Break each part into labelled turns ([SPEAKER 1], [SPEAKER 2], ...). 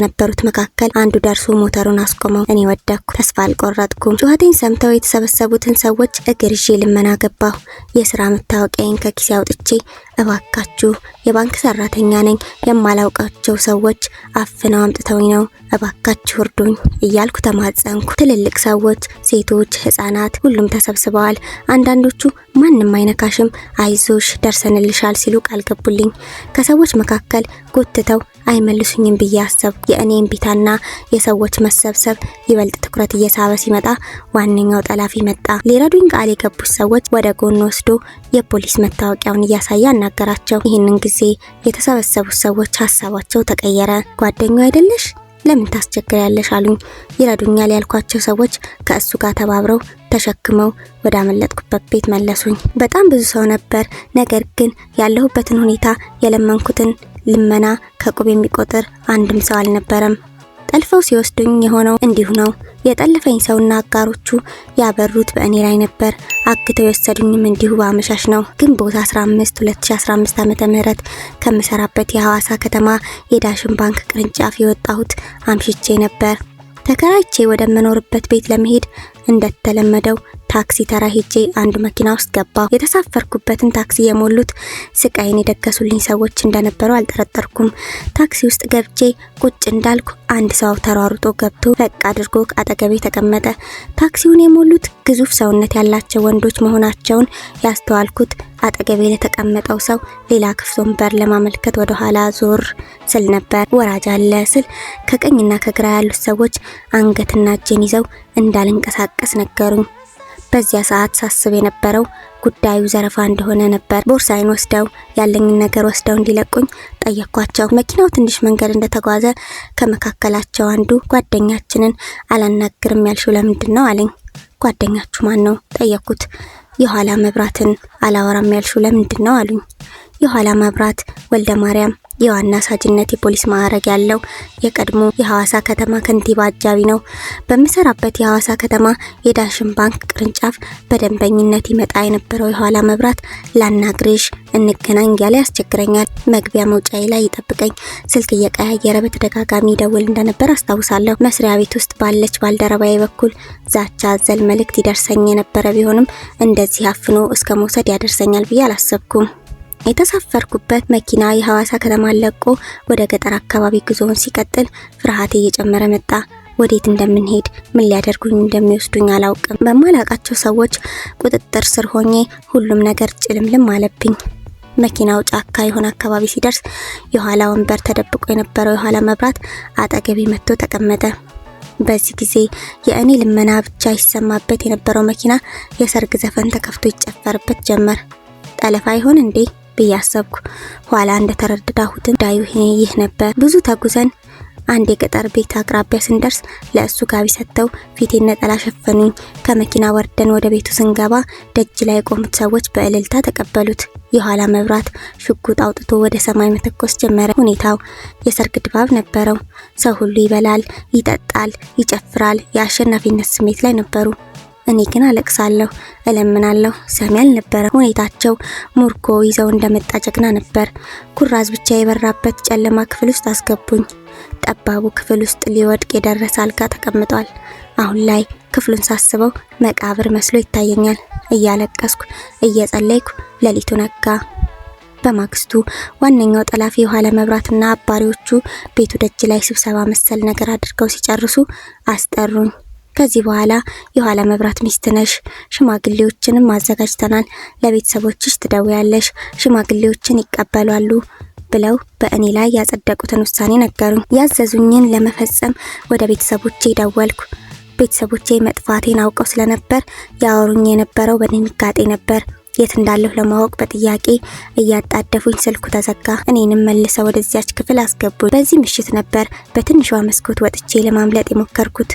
[SPEAKER 1] ከነበሩት መካከል አንዱ ደርሶ ሞተሩን አስቆመው። እኔ ወደኩ፣ ተስፋ አልቆረጥኩም። ጩኸቴን ሰምተው የተሰበሰቡትን ሰዎች እግር ይዤ ልመና ገባሁ። የስራ መታወቂያዬን ከኪሴ አውጥቼ እባካችሁ የባንክ ሰራተኛ ነኝ፣ የማላውቃቸው ሰዎች አፍነው አምጥተውኝ ነው፣ እባካችሁ እርዱኝ እያልኩ ተማጸንኩ። ትልልቅ ሰዎች፣ ሴቶች፣ ህጻናት ሁሉም ተሰብስበዋል። አንዳንዶቹ ማንም አይነካሽም፣ አይዞሽ፣ ደርሰንልሻል ሲሉ ቃል ገቡልኝ። ከሰዎች መካከል ጎትተው አይመልሱኝም ብዬ አሰብኩ። የእኔ እምቢታና የሰዎች መሰብሰብ ይበልጥ ትኩረት እየሳበ ሲመጣ ዋነኛው ጠላፊ መጣ። ሊረዱኝ ቃል የገቡት ሰዎች ወደ ጎን ወስዶ የፖሊስ መታወቂያውን እያሳየ አናገራቸው። ይህንን ጊዜ የተሰበሰቡት ሰዎች ሀሳባቸው ተቀየረ። ጓደኛው አይደለሽ ለምን ታስቸግሪያለሽ? አሉኝ። ይረዱኛል ያልኳቸው ሰዎች ከእሱ ጋር ተባብረው ተሸክመው ወደ አመለጥኩበት ቤት መለሱኝ። በጣም ብዙ ሰው ነበር። ነገር ግን ያለሁበትን ሁኔታ የለመንኩትን ልመና ከቁብ የሚቆጥር አንድም ሰው አልነበረም። ጠልፈው ሲወስዱኝ የሆነው እንዲሁ ነው። የጠለፈኝ ሰውና አጋሮቹ ያበሩት በእኔ ላይ ነበር። አግተው የወሰዱኝም እንዲሁ በአመሻሽ ነው። ግንቦት 15 2015 ዓ.ም ከምሰራበት የሐዋሳ ከተማ የዳሽን ባንክ ቅርንጫፍ የወጣሁት አምሽቼ ነበር። ተከራይቼ ወደምኖርበት ቤት ለመሄድ እንደተለመደው ታክሲ ተራ ሄጄ አንድ መኪና ውስጥ ገባሁ። የተሳፈርኩበትን ታክሲ የሞሉት ስቃይን የደገሱልኝ ሰዎች እንደነበሩ አልጠረጠርኩም። ታክሲ ውስጥ ገብቼ ቁጭ እንዳልኩ አንድ ሰው ተሯሩጦ ገብቶ ፈቅ አድርጎ አጠገቤ ተቀመጠ። ታክሲውን የሞሉት ግዙፍ ሰውነት ያላቸው ወንዶች መሆናቸውን ያስተዋልኩት አጠገቤ ለተቀመጠው ሰው ሌላ ክፍት ወንበር ለማመልከት ወደ ኋላ ዞር ስል ነበር። ወራጅ አለ ስል ከቀኝና ከግራ ያሉት ሰዎች አንገትና እጄን ይዘው እንዳልንቀሳቀስ ነገሩኝ። በዚያ ሰዓት ሳስብ የነበረው ጉዳዩ ዘረፋ እንደሆነ ነበር። ቦርሳይን ወስደው ያለኝን ነገር ወስደው እንዲለቁኝ ጠየኳቸው። መኪናው ትንሽ መንገድ እንደተጓዘ ከመካከላቸው አንዱ ጓደኛችንን አላናግርም ያልሽው ለምንድን ነው አለኝ። ጓደኛችሁ ማን ነው ጠየኩት። የኋላ መብራትን አላወራም ያልሽው ለምንድን ነው አሉኝ። የኋላ መብራት ወልደ ማርያም የዋና ሳጅነት የፖሊስ ማዕረግ ያለው የቀድሞ የሐዋሳ ከተማ ከንቲባ አጃቢ ነው። በምሰራበት የሐዋሳ ከተማ የዳሽን ባንክ ቅርንጫፍ በደንበኝነት ይመጣ የነበረው የኋላ መብራት ላናግርሽ፣ እንገናኝ እያለ ያስቸግረኛል። መግቢያ መውጫዬ ላይ ይጠብቀኝ፣ ስልክ እየቀያየረ በተደጋጋሚ ይደውል እንደነበር አስታውሳለሁ። መስሪያ ቤት ውስጥ ባለች ባልደረባዬ በኩል ዛቻ አዘል መልእክት ይደርሰኝ የነበረ ቢሆንም እንደዚህ አፍኖ እስከ መውሰድ ያደርሰኛል ብዬ አላሰብኩም። የተሳፈርኩበት መኪና የሐዋሳ ከተማን ለቆ ወደ ገጠር አካባቢ ጉዞውን ሲቀጥል ፍርሃቴ እየጨመረ መጣ። ወዴት እንደምንሄድ ምን ሊያደርጉኝ እንደሚወስዱኝ አላውቅም። በማላውቃቸው ሰዎች ቁጥጥር ስር ሆኜ ሁሉም ነገር ጭልምልም አለብኝ። መኪናው ጫካ የሆነ አካባቢ ሲደርስ የኋላ ወንበር ተደብቆ የነበረው የኋላ መብራት አጠገቤ መጥቶ ተቀመጠ። በዚህ ጊዜ የእኔ ልመና ብቻ ይሰማበት የነበረው መኪና የሰርግ ዘፈን ተከፍቶ ይጨፈርበት ጀመር። ጠለፋ ይሆን እንዴ? ብዬ አሰብኩ። ኋላ እንደተረዳሁትም ዳዩ ይህ ነበር። ብዙ ተጉዘን አንድ የገጠር ቤት አቅራቢያ ስንደርስ ለእሱ ጋቢ ሰጥተው ፊቴን ነጠላ ሸፈኑኝ። ከመኪና ወርደን ወደ ቤቱ ስንገባ ደጅ ላይ የቆሙት ሰዎች በእልልታ ተቀበሉት። የኋላ መብራት ሽጉጥ አውጥቶ ወደ ሰማይ መተኮስ ጀመረ። ሁኔታው የሰርግ ድባብ ነበረው። ሰው ሁሉ ይበላል፣ ይጠጣል፣ ይጨፍራል። የአሸናፊነት ስሜት ላይ ነበሩ። እኔ ግን አለቅሳለሁ፣ እለምናለሁ። ሰሚ አልነበረ ሁኔታቸው። ሙርኮ ይዘው እንደመጣ ጀግና ነበር። ኩራዝ ብቻ የበራበት ጨለማ ክፍል ውስጥ አስገቡኝ። ጠባቡ ክፍል ውስጥ ሊወድቅ የደረሰ አልጋ ተቀምጧል። አሁን ላይ ክፍሉን ሳስበው መቃብር መስሎ ይታየኛል። እያለቀስኩ እየጸለይኩ ሌሊቱ ነጋ። በማግስቱ ዋነኛው ጠላፊ የኋላ መብራትና አባሪዎቹ ቤቱ ደጅ ላይ ስብሰባ መሰል ነገር አድርገው ሲጨርሱ አስጠሩኝ። ከዚህ በኋላ የኋላ መብራት ሚስት ነሽ። ሽማግሌዎችንም አዘጋጅተናል። ለቤተሰቦችሽ ትደውያለሽ፣ ሽማግሌዎችን ይቀበሏሉ ብለው በእኔ ላይ ያጸደቁትን ውሳኔ ነገሩኝ። ያዘዙኝን ለመፈጸም ወደ ቤተሰቦቼ ደወልኩ። ቤተሰቦቼ መጥፋቴን አውቀው ስለነበር ያወሩኝ የነበረው በድንጋጤ ነበር። የት እንዳለሁ ለማወቅ በጥያቄ እያጣደፉኝ ስልኩ ተዘጋ። እኔንም መልሰው ወደዚያች ክፍል አስገቡ። በዚህ ምሽት ነበር በትንሿ መስኮት ወጥቼ ለማምለጥ የሞከርኩት።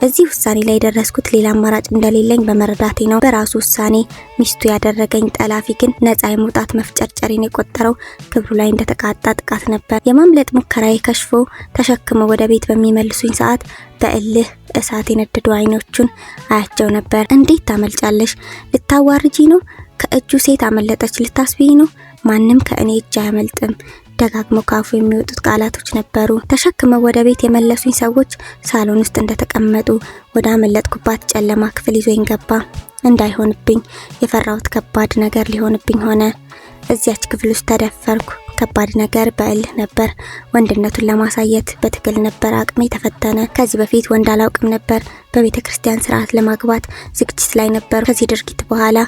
[SPEAKER 1] በዚህ ውሳኔ ላይ የደረስኩት ሌላ አማራጭ እንደሌለኝ በመረዳቴ ነው። በራሱ ውሳኔ ሚስቱ ያደረገኝ ጠላፊ ግን ነጻ የመውጣት መፍጨርጨሬን የቆጠረው ክብሩ ላይ እንደተቃጣ ጥቃት ነበር። የማምለጥ ሙከራዬ ከሽፎ ተሸክሞ ወደ ቤት በሚመልሱኝ ሰዓት በእልህ እሳት የነደዱ አይኖቹን አያቸው ነበር። እንዴት ታመልጫለሽ? ልታዋርጂ ነው? ከእጁ ሴት አመለጠች። ልታስቢ ነው? ማንም ከእኔ እጅ አያመልጥም። ደጋግመው ካፉ የሚወጡት ቃላቶች ነበሩ። ተሸክመው ወደ ቤት የመለሱኝ ሰዎች ሳሎን ውስጥ እንደተቀመጡ ወደ አመለጥኩባት ጨለማ ክፍል ይዞኝ ገባ። እንዳይሆንብኝ የፈራሁት ከባድ ነገር ሊሆንብኝ ሆነ። እዚያች ክፍል ውስጥ ተደፈርኩ። ከባድ ነገር በእልህ ነበር። ወንድነቱን ለማሳየት በትግል ነበር። አቅሜ ተፈተነ። ከዚህ በፊት ወንድ አላውቅም ነበር። በቤተ ክርስቲያን ስርዓት ለማግባት ዝግጅት ላይ ነበር። ከዚህ ድርጊት በኋላ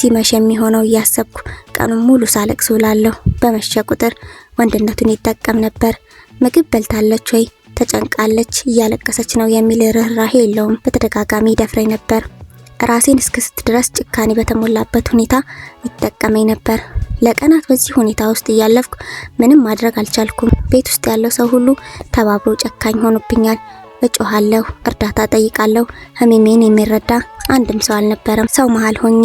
[SPEAKER 1] ሲመሽ የሚሆነው እያሰብኩ ቀኑን ሙሉ ሳለቅስ ውላለሁ። በመሸ ቁጥር ወንድነቱን ይጠቀም ነበር። ምግብ በልታለች ወይ ተጨንቃለች እያለቀሰች ነው የሚል ርኅራሄ የለውም። በተደጋጋሚ ይደፍረኝ ነበር። ራሴን እስክስት ድረስ ጭካኔ በተሞላበት ሁኔታ ይጠቀመኝ ነበር። ለቀናት በዚህ ሁኔታ ውስጥ እያለፍኩ ምንም ማድረግ አልቻልኩም። ቤት ውስጥ ያለው ሰው ሁሉ ተባብሮ ጨካኝ ሆኖብኛል። እጮኋለሁ፣ እርዳታ ጠይቃለሁ። ህመሜን የሚረዳ አንድም ሰው አልነበረም። ሰው መሀል ሆኜ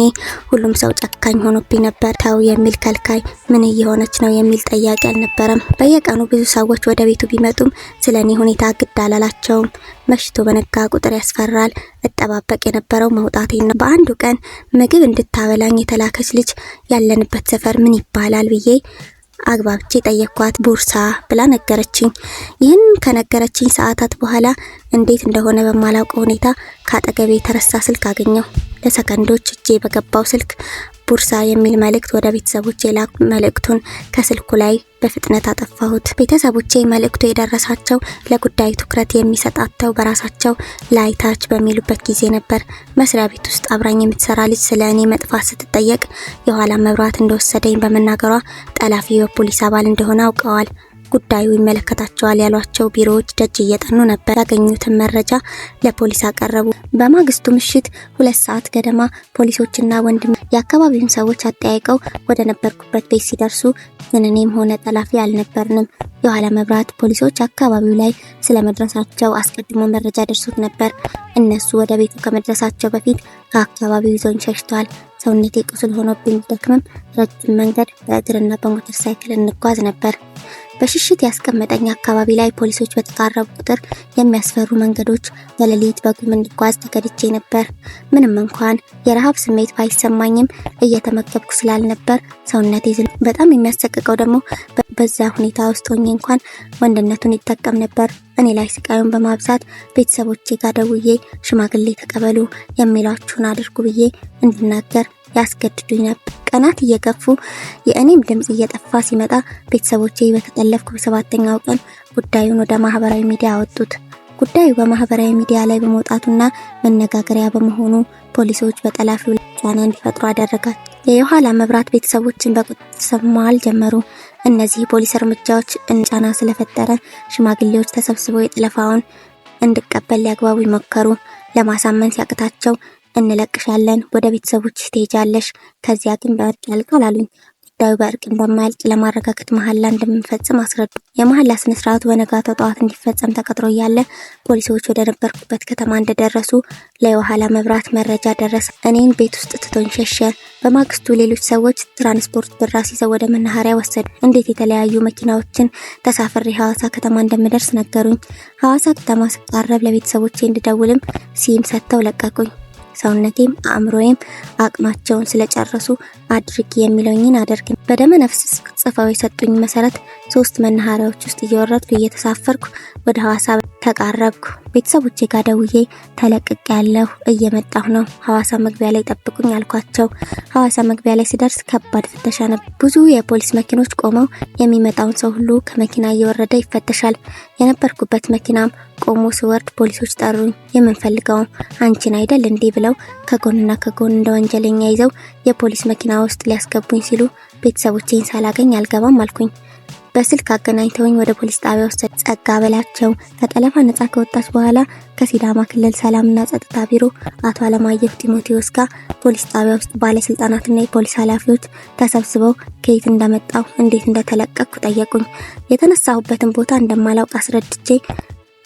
[SPEAKER 1] ሁሉም ሰው ጨካኝ ሆኖብኝ ነበር። ተው የሚል ከልካይ፣ ምን እየሆነች ነው የሚል ጠያቂ አልነበረም። በየቀኑ ብዙ ሰዎች ወደ ቤቱ ቢመጡም ስለ እኔ ሁኔታ ግድ አላላቸውም። መሽቶ በነጋ ቁጥር ያስፈራል። እጠባበቅ የነበረው መውጣቴ ነው። በአንዱ ቀን ምግብ እንድታበላኝ የተላከች ልጅ ያለንበት ሰፈር ምን ይባላል ብዬ አግባብቼ ጠየኳት። ቦርሳ ብላ ነገረችኝ። ይህን ከነገረችኝ ሰዓታት በኋላ እንዴት እንደሆነ በማላውቀው ሁኔታ ከአጠገቤ የተረሳ ስልክ አገኘው። ለሰከንዶች እጄ በገባው ስልክ ቡርሳ የሚል መልእክት ወደ ቤተሰቦቼ ላኩ። መልእክቱን ከስልኩ ላይ በፍጥነት አጠፋሁት። ቤተሰቦቼ መልእክቱ የደረሳቸው ለጉዳዩ ትኩረት የሚሰጣተው በራሳቸው ላይ ታች በሚሉበት ጊዜ ነበር። መስሪያ ቤት ውስጥ አብራኝ የምትሰራ ልጅ ስለ እኔ መጥፋት ስትጠየቅ የኋላ መብራት እንደወሰደኝ በመናገሯ ጠላፊ የፖሊስ አባል እንደሆነ አውቀዋል። ጉዳዩ ይመለከታቸዋል ያሏቸው ቢሮዎች ደጅ እየጠኑ ነበር። ያገኙትን መረጃ ለፖሊስ አቀረቡ። በማግስቱ ምሽት ሁለት ሰዓት ገደማ ፖሊሶችና ወንድም የአካባቢውን ሰዎች አጠያይቀው ወደ ነበርኩበት ቤት ሲደርሱ ግን እኔም ሆነ ጠላፊ አልነበርንም። የኋላ መብራት ፖሊሶች አካባቢው ላይ ስለ መድረሳቸው አስቀድሞ መረጃ ደርሶት ነበር። እነሱ ወደ ቤቱ ከመድረሳቸው በፊት ከአካባቢው ይዞኝ ሸሽተዋል። ሰውነቴ ቁስል ሆኖብኝ ደክምም ረጅም መንገድ በእግርና በሞተር ሳይክል እንጓዝ ነበር። በሽሽት ያስቀመጠኝ አካባቢ ላይ ፖሊሶች በተቃረቡ ቁጥር የሚያስፈሩ መንገዶች በሌሊት በጉም እንዲጓዝ ተገድቼ ነበር። ምንም እንኳን የረሃብ ስሜት ባይሰማኝም እየተመገብኩ ስላልነበር ሰውነቴ ዝል። በጣም የሚያሰቅቀው ደግሞ በዛ ሁኔታ ውስጥ ሆኜ እንኳን ወንድነቱን ይጠቀም ነበር። እኔ ላይ ስቃዩን በማብዛት ቤተሰቦቼ ጋር ደውዬ ሽማግሌ ተቀበሉ የሚሏችሁን አድርጉ ብዬ እንድናገር ያስገድዱኝ ነበር። ቀናት እየገፉ የእኔም ድምፅ እየጠፋ ሲመጣ ቤተሰቦቼ በተጠለፍኩ በሰባተኛው ቀን ጉዳዩን ወደ ማህበራዊ ሚዲያ አወጡት። ጉዳዩ በማህበራዊ ሚዲያ ላይ በመውጣቱና መነጋገሪያ በመሆኑ ፖሊሶች በጠላፊው ላይ ጫና እንዲፈጥሩ አደረጋል። የየኋላ መብራት ቤተሰቦችን በቁጥጥር ስር መዋል ጀመሩ። እነዚህ የፖሊስ እርምጃዎች እንጫና ስለፈጠረ ሽማግሌዎች ተሰብስበው የጠለፋውን እንድቀበል ሊያግባቡ ይሞከሩ። ለማሳመን ሲያቅታቸው እንለቅሻለን፣ ወደ ቤተሰቦች ትሄጃለሽ፣ ከዚያ ግን በእርቅ ያልቃል አሉኝ። ጉዳዩ በእርቅ እንደማያልቅ ለማረጋገጥ መሐላ እንደምንፈጽም አስረዱ። የመሐላ ስነ ስርዓቱ በነጋታው ጠዋት እንዲፈጸም ተቀጥሮ እያለ ፖሊሶች ወደ ነበርኩበት ከተማ እንደደረሱ ለየኋላ መብራት መረጃ ደረሰ። እኔን ቤት ውስጥ ትቶኝ ሸሸ። በማግስቱ ሌሎች ሰዎች ትራንስፖርት ብራ ሲዘው ወደ መናኸሪያ ወሰዱ። እንዴት የተለያዩ መኪናዎችን ተሳፍሬ ሐዋሳ ከተማ እንደምደርስ ነገሩኝ። ሐዋሳ ከተማ ስቃረብ ለቤተሰቦቼ እንድደውልም ሲም ሰጥተው ለቀቁኝ። ሰውነቴም አእምሮዬም አቅማቸውን ስለጨረሱ አድርግ የሚለኝን አደርግ። በደመ ነፍስ ጽፈው የሰጡኝ መሰረት ሶስት መናኸሪያዎች ውስጥ እየወረድኩ እየተሳፈርኩ ወደ ሐዋሳ ተቃረብኩ። ቤተሰቦቼ ጋር ደውዬ ተለቅቅ ያለሁ እየመጣሁ ነው፣ ሐዋሳ መግቢያ ላይ ጠብቁኝ አልኳቸው። ሐዋሳ መግቢያ ላይ ስደርስ ከባድ ፍተሻ ነበር። ብዙ የፖሊስ መኪኖች ቆመው የሚመጣውን ሰው ሁሉ ከመኪና እየወረደ ይፈተሻል። የነበርኩበት መኪናም ቆሞ ስወርድ ፖሊሶች ጠሩኝ። የምንፈልገውም አንቺን አይደል እንዲህ ብለው ከጎንና ከጎን እንደ ወንጀለኛ ይዘው የፖሊስ መኪና ውስጥ ሊያስገቡኝ ሲሉ ቤተሰቦቼን ሳላገኝ አልገባም አልኩኝ። በስልክ አገናኝተውኝ ወደ ፖሊስ ጣቢያ ውስጥ ጸጋ በላቸው ከጠለፋ ነጻ ከወጣች በኋላ ከሲዳማ ክልል ሰላምና ጸጥታ ቢሮ አቶ አለማየሁ ጢሞቴዎስ ጋር ፖሊስ ጣቢያ ውስጥ ባለስልጣናትና የፖሊስ ኃላፊዎች ተሰብስበው ከየት እንደመጣው እንዴት እንደተለቀቅኩ ጠየቁኝ። የተነሳሁበትን ቦታ እንደማላውቅ አስረድቼ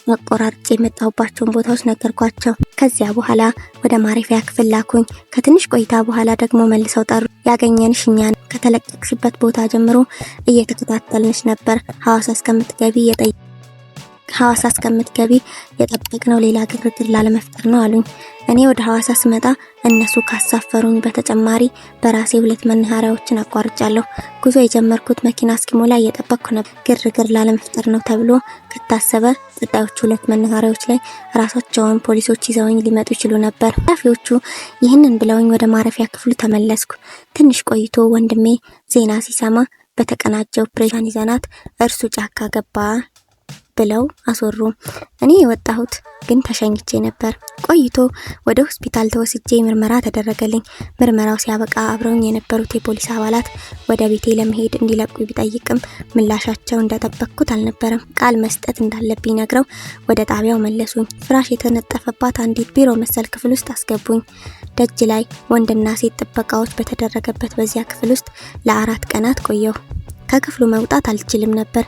[SPEAKER 1] መቆራረጥ የመጣሁባቸውን ቦታዎች ነገርኳቸው። ከዚያ በኋላ ወደ ማረፊያ ክፍል ላኩኝ። ከትንሽ ቆይታ በኋላ ደግሞ መልሰው ጠሩ። ያገኘንሽ ከተለቀቅሽበት ቦታ ጀምሮ እየተከታተልንሽ ነበር ሐዋሳ እስከምትገቢ የጠየ ሐዋሳ እስከምትገቢ የጠበቅነው ሌላ ግርግር ላለመፍጠር ነው አሉኝ። እኔ ወደ ሐዋሳ ስመጣ እነሱ ካሳፈሩኝ በተጨማሪ በራሴ ሁለት መናኸሪያዎችን አቋርጫለሁ። ጉዞ የጀመርኩት መኪና እስኪሞላ እየጠበቅኩ ነበር። ግርግር ላለመፍጠር ነው ተብሎ ከታሰበ ቀጣዮቹ ሁለት መናኸሪያዎች ላይ ራሳቸውን ፖሊሶች ይዘውኝ ሊመጡ ይችሉ ነበር። ኃላፊዎቹ ይህንን ብለውኝ ወደ ማረፊያ ክፍሉ ተመለስኩ። ትንሽ ቆይቶ ወንድሜ ዜና ሲሰማ በተቀናጀ ኦፕሬሽን ይዘናት እርሱ ጫካ ገባ ብለው አስወሩ። እኔ የወጣሁት ግን ተሸኝቼ ነበር። ቆይቶ ወደ ሆስፒታል ተወስጄ ምርመራ ተደረገልኝ። ምርመራው ሲያበቃ አብረውኝ የነበሩት የፖሊስ አባላት ወደ ቤቴ ለመሄድ እንዲለቁ ቢጠይቅም ምላሻቸው እንደጠበቅኩት አልነበረም። ቃል መስጠት እንዳለብኝ ነግረው ወደ ጣቢያው መለሱኝ። ፍራሽ የተነጠፈባት አንዲት ቢሮ መሰል ክፍል ውስጥ አስገቡኝ። ደጅ ላይ ወንድና ሴት ጥበቃዎች በተደረገበት በዚያ ክፍል ውስጥ ለአራት ቀናት ቆየሁ። ከክፍሉ መውጣት አልችልም ነበር።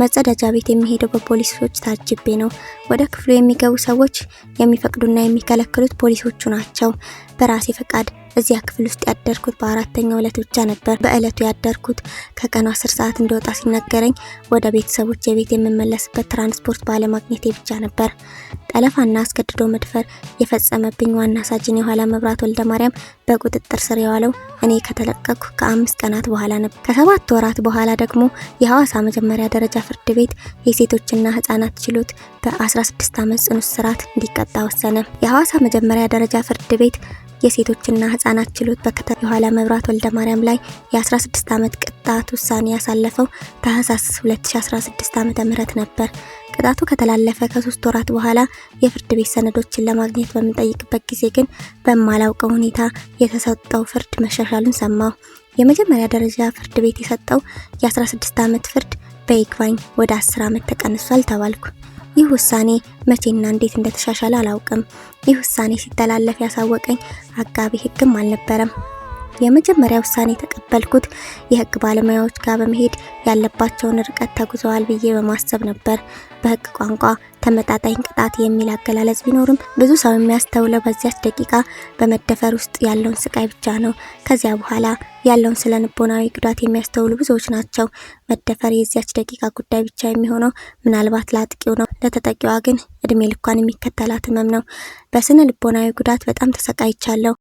[SPEAKER 1] መጸዳጃ ቤት የሚሄደው በፖሊሶች ታጅቤ ነው። ወደ ክፍሉ የሚገቡ ሰዎች የሚፈቅዱና የሚከለክሉት ፖሊሶቹ ናቸው። በራሴ ፈቃድ እዚያ ክፍል ውስጥ ያደርኩት በአራተኛው ዕለት ብቻ ነበር። በእለቱ ያደርኩት ከቀኑ አስር ሰዓት እንደወጣ ሲነገረኝ ወደ ቤተሰቦች የቤት የምመለስበት ትራንስፖርት ባለማግኘቴ ብቻ ነበር። ጠለፋና አስገድዶ መድፈር የፈጸመብኝ ዋና ሳጅን የኋላ መብራት ወልደ ማርያም በቁጥጥር ስር የዋለው እኔ ከተለቀኩ ከአምስት ቀናት በኋላ ነበር። ከሰባት ወራት በኋላ ደግሞ የሐዋሳ መጀመሪያ ደረጃ ፍርድ ቤት የሴቶችና ህጻናት ችሎት በ16 ዓመት ጽኑ እስራት እንዲቀጣ ወሰነ። የሐዋሳ መጀመሪያ ደረጃ ፍርድ ቤት የሴቶችና ህጻናት ችሎት በከተማ የኋላ መብራት ወልደ ማርያም ላይ የ16 ዓመት ቅጣት ውሳኔ ያሳለፈው ታህሳስ 2016 ዓ.ም ነበር። ቅጣቱ ከተላለፈ ከሶስት ወራት በኋላ የፍርድ ቤት ሰነዶችን ለማግኘት በምንጠይቅበት ጊዜ ግን በማላውቀው ሁኔታ የተሰጠው ፍርድ መሻሻሉን ሰማሁ። የመጀመሪያ ደረጃ ፍርድ ቤት የሰጠው የ16 ዓመት ፍርድ በይግባኝ ወደ 10 ዓመት ተቀንሷል ተባልኩ። ይህ ውሳኔ መቼና እንዴት እንደተሻሻለ አላውቅም። ይህ ውሳኔ ሲተላለፍ ያሳወቀኝ አጋቢ ሕግም አልነበረም። የመጀመሪያ ውሳኔ የተቀበልኩት የህግ ባለሙያዎች ጋር በመሄድ ያለባቸውን ርቀት ተጉዘዋል ብዬ በማሰብ ነበር። በህግ ቋንቋ ተመጣጣኝ ቅጣት የሚል አገላለጽ ቢኖርም ብዙ ሰው የሚያስተውለው በዚያች ደቂቃ በመደፈር ውስጥ ያለውን ስቃይ ብቻ ነው። ከዚያ በኋላ ያለውን ስነ ልቦናዊ ጉዳት የሚያስተውሉ ብዙዎች ናቸው። መደፈር የዚያች ደቂቃ ጉዳይ ብቻ የሚሆነው ምናልባት ለአጥቂው ነው። ለተጠቂዋ ግን እድሜ ልኳን የሚከተላት ህመም ነው። በስነ ልቦናዊ ጉዳት በጣም ተሰቃይቻለሁ።